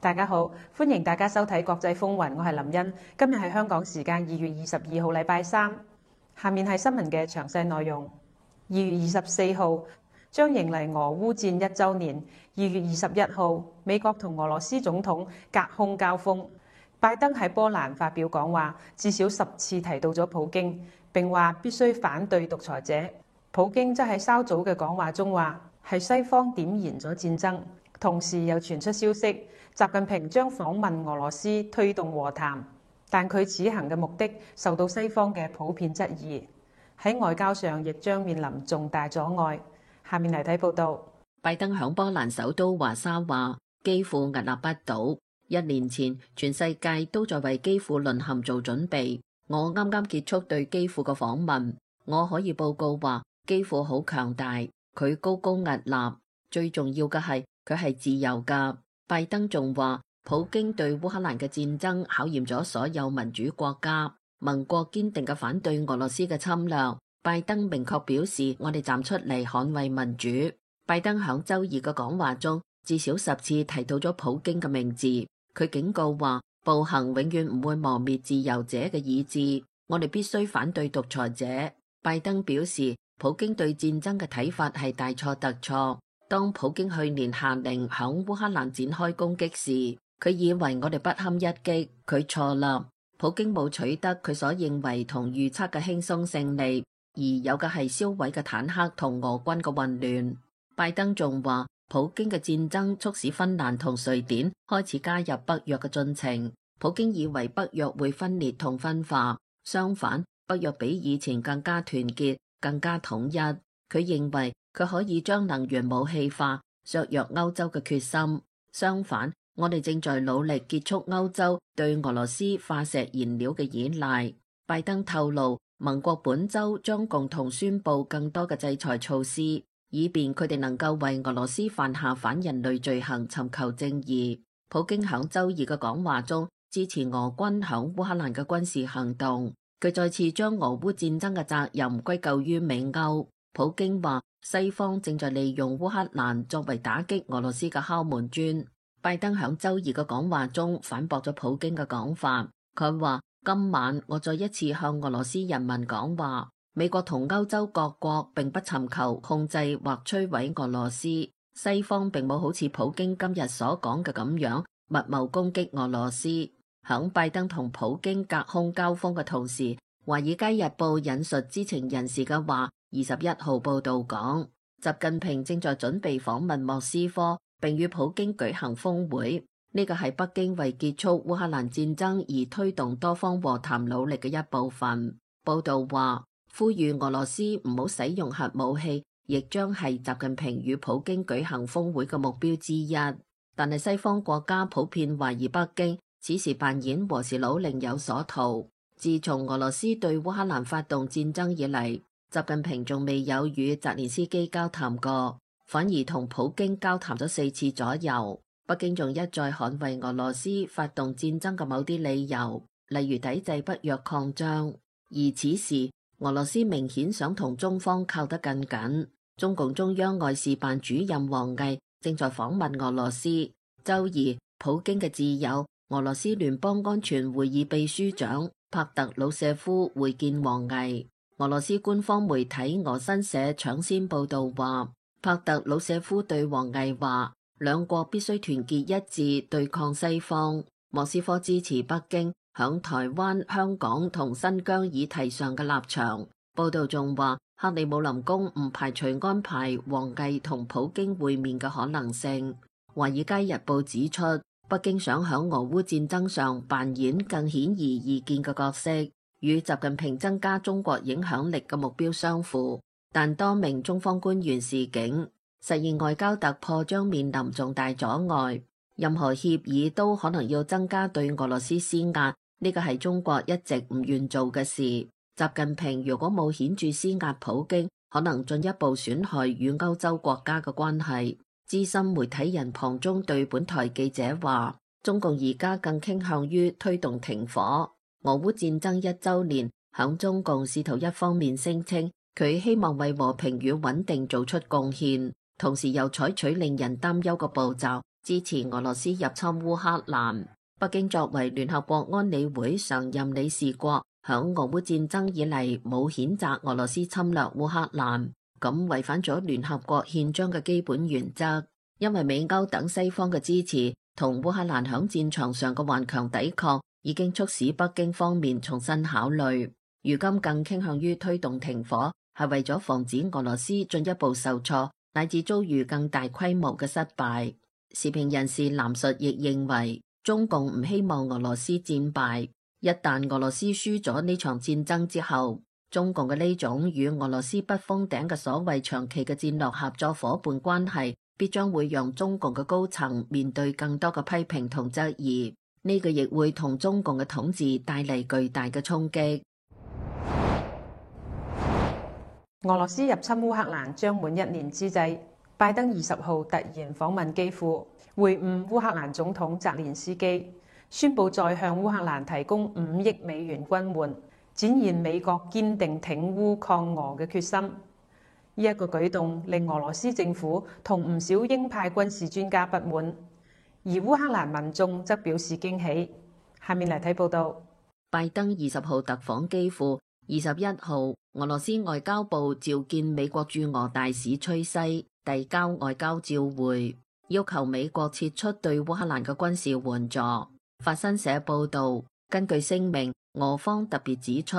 大家好，歡迎大家收睇《國際風雲》，我係林茵。今日係香港時間二月二十二號，禮拜三。下面係新聞嘅詳細內容。二月二十四號將迎嚟俄烏戰一周年。二月二十一號，美國同俄羅斯總統隔空交鋒。拜登喺波蘭發表講話，至少十次提到咗普京，並話必須反對獨裁者。普京則喺稍早嘅講話中話，係西方點燃咗戰爭。同時又傳出消息，習近平將訪問俄羅斯推動和談，但佢此行嘅目的受到西方嘅普遍質疑，喺外交上亦將面臨重大阻礙。下面嚟睇報道。拜登響波蘭首都華沙話，基輔屹立不倒。一年前，全世界都在為基輔淪陷做準備。我啱啱結束對基輔嘅訪問，我可以報告話，基輔好強大，佢高高屹立。最重要嘅係，佢係自由噶。拜登仲話，普京對烏克蘭嘅戰爭考驗咗所有民主國家，盟國堅定嘅反對俄羅斯嘅侵略。拜登明確表示，我哋站出嚟捍衛民主。拜登響周二嘅講話中，至少十次提到咗普京嘅名字。佢警告話，暴行永遠唔會磨滅自由者嘅意志。我哋必須反對獨裁者。拜登表示，普京對戰爭嘅睇法係大錯特錯。當普京去年下令響烏克蘭展開攻擊時，佢以為我哋不堪一擊，佢錯啦。普京冇取得佢所認為同預測嘅輕鬆勝利，而有嘅係燒毀嘅坦克同俄軍嘅混亂。拜登仲話，普京嘅戰爭促使芬蘭同瑞典開始加入北約嘅進程。普京以為北約會分裂同分化，相反，北約比以前更加團結，更加統一。佢認為。佢可以將能源武器化，削弱歐洲嘅決心。相反，我哋正在努力結束歐洲對俄羅斯化石燃料嘅依賴。拜登透露，盟國本周將共同宣布更多嘅制裁措施，以便佢哋能夠為俄羅斯犯下反人類罪行尋求正義。普京喺周二嘅講話中支持俄軍響烏克蘭嘅軍事行動，佢再次將俄烏戰爭嘅責任歸咎於美歐。普京話：西方正在利用烏克蘭作為打擊俄羅斯嘅敲門磚。拜登響周二嘅講話中反駁咗普京嘅講法。佢話：今晚我再一次向俄羅斯人民講話，美國同歐洲各國並不尋求控制或摧毀俄羅斯。西方並冇好似普京今日所講嘅咁樣密謀攻擊俄羅斯。響拜登同普京隔空交鋒嘅同時，《華爾街日報》引述知情人士嘅話。二十一號報道講，習近平正在準備訪問莫斯科，並與普京舉行峰會。呢個係北京為結束烏克蘭戰爭而推動多方和談努力嘅一部分。報道話，呼籲俄羅斯唔好使用核武器，亦將係習近平與普京舉行峰會嘅目標之一。但係西方國家普遍懷疑北京此時扮演和事佬，另有所圖。自從俄羅斯對烏克蘭發動戰爭以嚟，習近平仲未有與澤連斯基交談過，反而同普京交談咗四次左右。北京仲一再捍衛俄羅斯發動戰爭嘅某啲理由，例如抵制北約擴張。而此時俄羅斯明顯想同中方靠得更緊。中共中央外事辦主任王毅正在訪問俄羅斯。周二，普京嘅摯友俄羅斯聯邦安全會議秘書長帕特魯舍夫會見王毅。俄羅斯官方媒體俄新社搶先報道話，帕特魯舍夫對王毅話，兩國必須團結一致對抗西方。莫斯科支持北京響台灣、香港同新疆議題上嘅立場。報道仲話，克里姆林宮唔排除安排王毅同普京會面嘅可能性。華爾街日報指出，北京想響俄烏戰爭上扮演更顯而易見嘅角色。與習近平增加中國影響力嘅目標相符，但多名中方官員示警，實現外交突破將面臨重大阻礙。任何協議都可能要增加對俄羅斯施壓，呢個係中國一直唔願做嘅事。習近平如果冇顯著施壓普京，可能進一步損害與歐洲國家嘅關係。資深媒體人龐中對本台記者話，中共而家更傾向於推動停火。俄烏戰爭一周年，響中共試圖一方面聲稱佢希望為和平與穩定做出貢獻，同時又採取令人擔憂嘅步驟，支持俄羅斯入侵烏克蘭。北京作為聯合國安理會常任理事國，響俄烏戰爭以嚟冇譴責俄羅斯侵略烏克蘭，咁違反咗聯合國憲章嘅基本原則。因為美歐等西方嘅支持，同烏克蘭響戰場上嘅頑強抵抗。已經促使北京方面重新考慮，如今更傾向於推動停火，係為咗防止俄羅斯進一步受挫，乃至遭遇更大規模嘅失敗。時評人士藍述亦認為，中共唔希望俄羅斯戰敗。一旦俄羅斯輸咗呢場戰爭之後，中共嘅呢種與俄羅斯不封頂嘅所謂長期嘅戰略合作夥伴關係，必將會讓中共嘅高層面對更多嘅批評同質疑。呢個亦會同中共嘅統治帶嚟巨大嘅衝擊。俄羅斯入侵烏克蘭將滿一年之際，拜登二十號突然訪問基輔，會晤烏克蘭總統澤連斯基，宣布再向烏克蘭提供五億美元軍援，展現美國堅定挺烏抗俄嘅決心。呢、這、一個舉動令俄羅斯政府同唔少鷹派軍事專家不滿。而烏克蘭民眾則表示驚喜。下面嚟睇報道。拜登二十號特訪基輔，二十一號俄羅斯外交部召見美國駐俄大使崔西遞交外交照會，要求美國撤出對烏克蘭嘅軍事援助。法新社報道，根據聲明，俄方特別指出，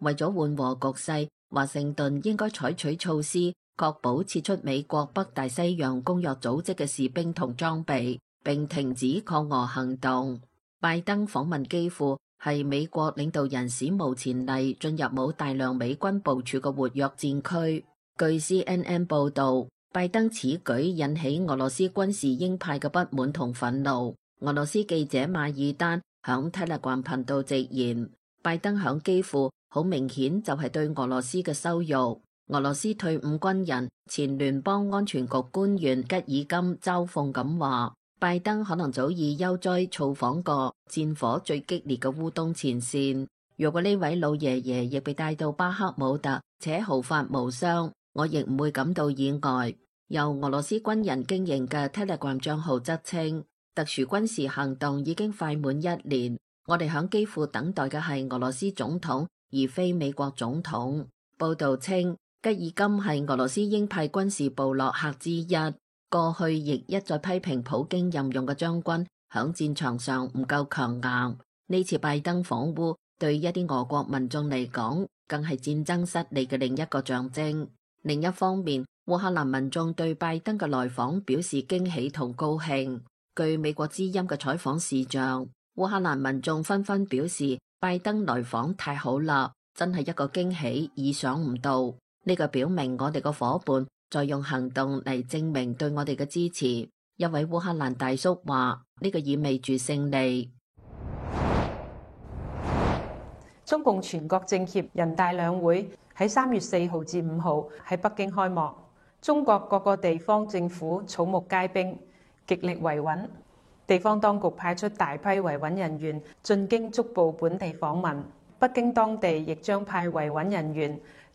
為咗緩和局勢，華盛頓應該採取措施，確保撤出美國北大西洋公約組織嘅士兵同裝備，並停止抗俄行動。拜登訪問基輔係美國領導人史無前例進入冇大量美軍部署嘅活躍戰區。據 CNN 報道，拜登此舉引起俄羅斯軍事鷹派嘅不滿同憤怒。俄羅斯記者馬爾丹響 Telegram 頻道直言，拜登響基輔好明顯就係對俄羅斯嘅羞辱。俄羅斯退伍軍人、前聯邦安全局官員吉爾金嘲諷咁話。拜登可能早已悠哉造訪過戰火最激烈嘅烏東前線。若果呢位老爺爺亦被帶到巴克姆特且毫髮無傷，我亦唔會感到意外。由俄羅斯軍人經營嘅 Telegram 賬號則稱，特殊軍事行動已經快滿一年。我哋響幾乎等待嘅係俄羅斯總統，而非美國總統。報道稱，吉爾金係俄羅斯鷹派軍事部落客之一。過去亦一再批評普京任用嘅將軍響戰場上唔夠強硬。呢次拜登訪烏，對一啲俄國民眾嚟講，更係戰爭失利嘅另一個象徵。另一方面，烏克蘭民眾對拜登嘅來訪表示驚喜同高興。據美國之音嘅採訪視像，烏克蘭民眾紛紛表示拜登來訪太好啦，真係一個驚喜，意想唔到。呢、這個表明我哋嘅伙伴，再用行動嚟證明對我哋嘅支持。一位烏克蘭大叔話：呢、這個意味住勝利。中共全國政協、人大兩會喺三月四號至五號喺北京開幕。中國各個地方政府草木皆兵，極力維穩。地方當局派出大批維穩人員進京，足部本地訪問。北京當地亦將派維穩人員。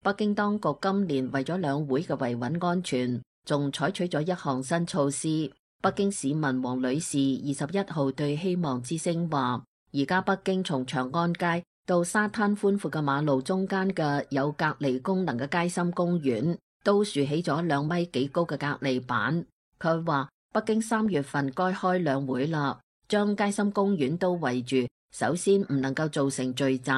北京當局今年為咗兩會嘅維穩安全，仲採取咗一項新措施。北京市民王女士二十一號對希望之聲話：而家北京從長安街到沙灘寬闊嘅馬路中間嘅有隔離功能嘅街心公園，都豎起咗兩米幾高嘅隔離板。佢話北京三月份該開兩會啦，將街心公園都圍住，首先唔能夠造成聚集，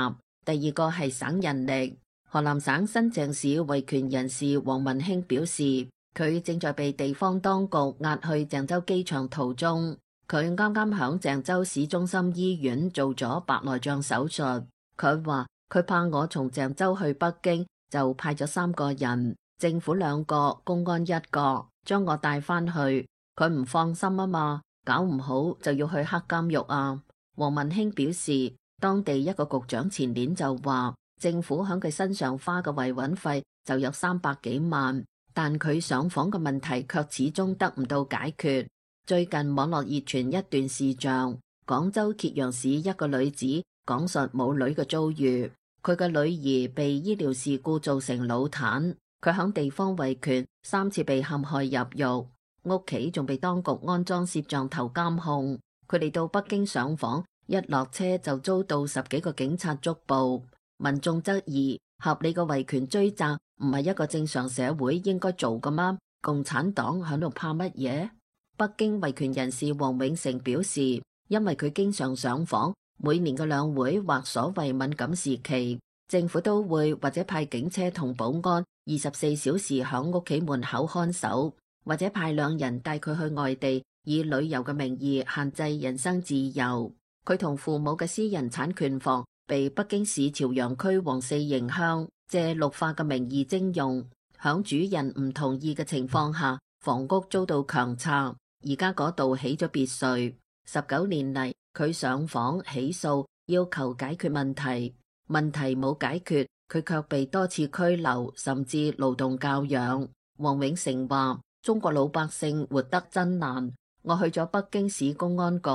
第二個係省人力。河南省新鄭市維權人士黃文興表示，佢正在被地方當局押去鄭州機場途中。佢啱啱響鄭州市中心醫院做咗白內障手術。佢話佢怕我從鄭州去北京，就派咗三個人，政府兩個，公安一個，將我帶翻去。佢唔放心啊嘛，搞唔好就要去黑監獄啊。黃文興表示，當地一個局長前年就話。政府響佢身上花嘅維穩費就有三百幾萬，但佢上訪嘅問題卻始終得唔到解決。最近網絡熱傳一段視像，廣州揭陽市一個女子講述母女嘅遭遇。佢嘅女兒被醫療事故造成腦癱，佢響地方維權三次被陷害入獄，屋企仲被當局安裝攝像頭監控。佢哋到北京上訪，一落車就遭到十幾個警察捉捕。民眾質疑合理嘅維權追責唔係一個正常社會應該做嘅嗎？共產黨響度怕乜嘢？北京維權人士王永成表示，因為佢經常上訪，每年嘅兩會或所謂敏感時期，政府都會或者派警車同保安二十四小時響屋企門口看守，或者派兩人帶佢去外地以旅遊嘅名義限制人身自由。佢同父母嘅私人產權房。被北京市朝陽區王四營鄉借綠化嘅名義徵用，響主人唔同意嘅情況下，房屋遭到強拆。而家嗰度起咗別墅，十九年嚟佢上訪起訴，要求解決問題，問題冇解決，佢卻被多次拘留，甚至勞動教養。王永成話：中國老百姓活得真難。我去咗北京市公安局，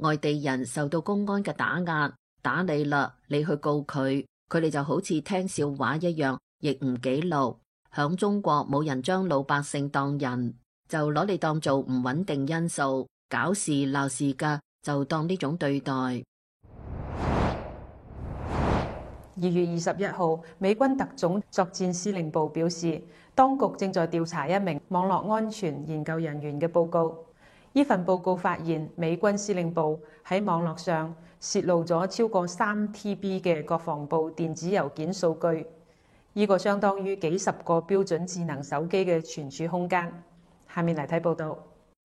外地人受到公安嘅打壓。打你啦！你去告佢，佢哋就好似聽笑話一樣，亦唔記錄。響中國冇人將老百姓當人，就攞嚟當做唔穩定因素，搞事鬧事噶，就當呢種對待。二月二十一號，美軍特種作戰司令部表示，當局正在調查一名網絡安全研究人員嘅報告。呢份報告發現，美軍司令部喺網絡上。泄露咗超過三 TB 嘅國防部電子郵件數據，呢個相當於幾十個標準智能手機嘅存儲空間。下面嚟睇報道。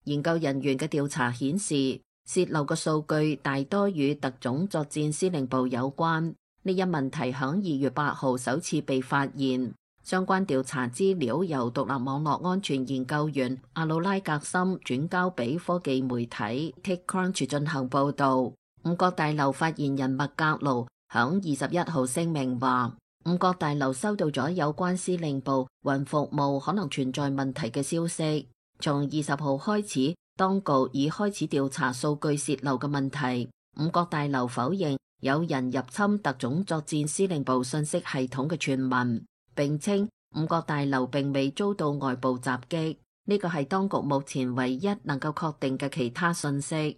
研究人員嘅調查顯示，泄露嘅數據大多與特種作戰司令部有關。呢一問題響二月八號首次被發現，相關調查資料由獨立網絡安全研究員阿魯拉格森轉交俾科技媒體 TechCrunch 進行報道。五角大樓發言人麥格勞響二十一號聲明話：五角大樓收到咗有關司令部雲服務可能存在問題嘅消息。從二十號開始，當局已開始調查數據泄漏嘅問題。五角大樓否認有人入侵特種作戰司令部信息系統嘅傳聞，並稱五角大樓並未遭到外部襲擊。呢個係當局目前唯一能夠確定嘅其他信息。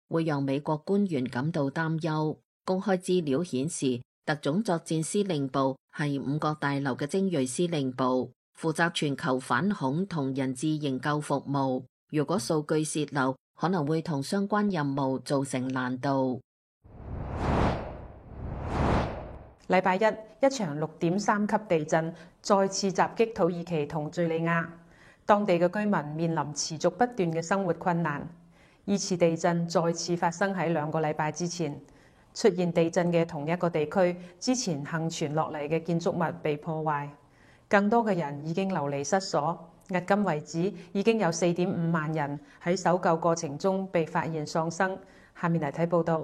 會讓美國官員感到擔憂。公開資料顯示，特種作戰司令部係五角大樓嘅精銳司令部，負責全球反恐同人質營救服務。如果數據洩漏，可能會同相關任務造成難度。禮拜一，一場六點三級地震再次襲擊土耳其同敘利亞，當地嘅居民面臨持續不斷嘅生活困難。二次地震再次發生喺兩個禮拜之前，出現地震嘅同一個地區，之前幸存落嚟嘅建築物被破壞，更多嘅人已經流離失所。迄今為止，已經有四點五萬人喺搜救過程中被發現喪生。下面嚟睇報道。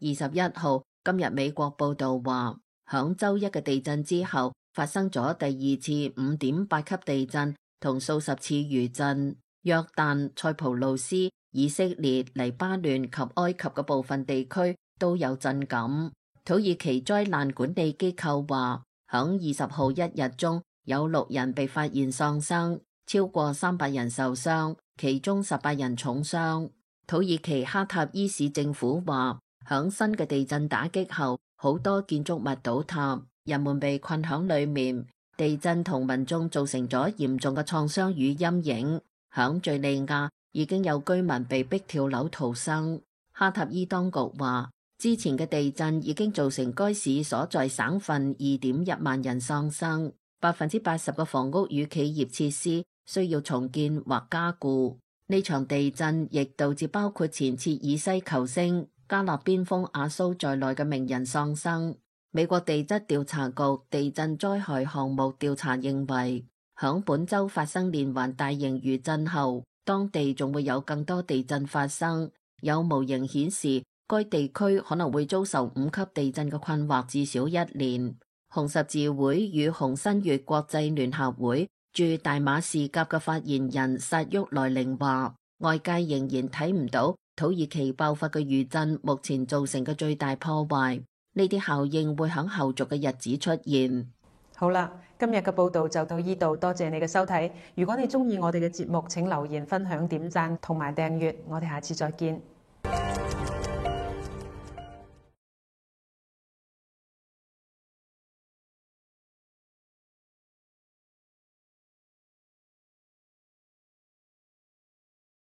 二十一號今日美國報道話響周一嘅地震之後發生咗第二次五點八級地震同數十次餘震。約旦、塞浦路斯、以色列、黎巴嫩及埃及嘅部分地區都有震感。土耳其災難管理機構話，響二十號一日中有六人被發現喪生，超過三百人受傷，其中十八人重傷。土耳其哈塔伊市政府話，響新嘅地震打擊後，好多建築物倒塌，人們被困響裏面。地震同民眾造成咗嚴重嘅創傷與陰影。響敘利亞已經有居民被逼跳樓逃生。哈塔伊當局話，之前嘅地震已經造成該市所在省份二點一萬人喪生，百分之八十嘅房屋與企業設施需要重建或加固。呢場地震亦導致包括前切爾西球星加納邊鋒阿蘇在內嘅名人喪生。美國地質調查局地震災害項目調查認為，響本周發生連環大型餘震後，當地仲會有更多地震發生。有模型顯示，該地區可能會遭受五級地震嘅困惑至少一年。紅十字會與紅新月國際聯合會駐大馬士革嘅發言人薩沃萊寧話：外界仍然睇唔到土耳其爆發嘅餘震目前造成嘅最大破壞，呢啲效應會響後續嘅日子出現。好啦，今日嘅報導就到呢度，多謝你嘅收睇。如果你鍾意我哋嘅節目，請留言分享、點讚同埋訂閱。我哋下次再見。